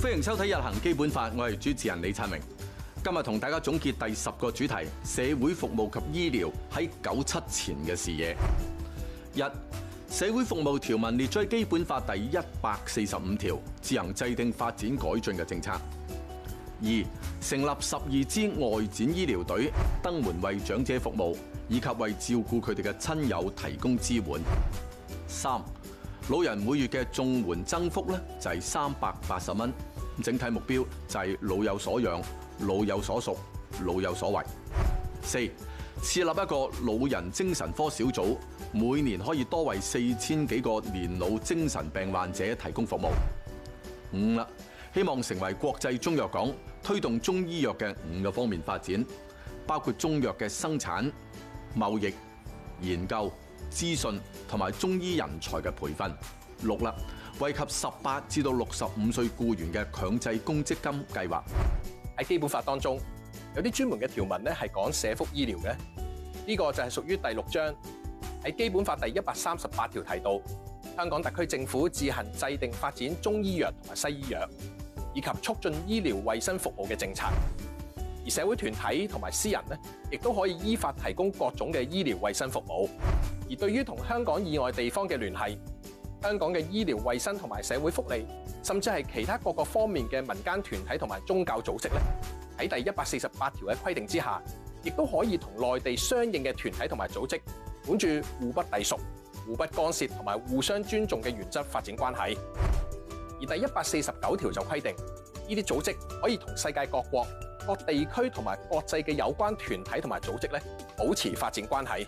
歡迎收睇《日行基本法》，我係主持人李察明。今日同大家總結第十個主題：社會服務及醫療喺九七前嘅視野。一、社會服務條文列在基本法第一百四十五條，自行制定發展改進嘅政策。二、成立十二支外展醫療隊，登門為長者服務，以及為照顧佢哋嘅親友提供支援。三、老人每月嘅綜援增幅咧就係三百八十蚊，整體目標就係老有所養、老有所屬、老有所為。四、設立一個老人精神科小組，每年可以多為四千幾個年老精神病患者提供服務。五啦，希望成為國際中藥港，推動中醫藥嘅五個方面發展，包括中藥嘅生產、貿易、研究。資訊同埋中醫人才嘅培訓。六啦，惠及十八至到六十五歲雇員嘅強制公積金計劃。喺基本法當中，有啲專門嘅條文咧係講社福醫療嘅，呢個就係屬於第六章，喺基本法第一百三十八條提到，香港特區政府自行制定發展中醫藥同埋西醫藥，以及促進醫療衛生服務嘅政策。社會團體同埋私人咧，亦都可以依法提供各種嘅醫療衛生服務。而對於同香港以外地方嘅聯繫，香港嘅醫療衛生同埋社會福利，甚至係其他各個方面嘅民間團體同埋宗教組織咧，喺第一百四十八條嘅規定之下，亦都可以同內地相應嘅團體同埋組織，本住互不隸屬、互不干涉同埋互相尊重嘅原則發展關係。而第一百四十九條就規定，呢啲組織可以同世界各國，各地區同埋國際嘅有關團體同埋組織咧，保持發展關係。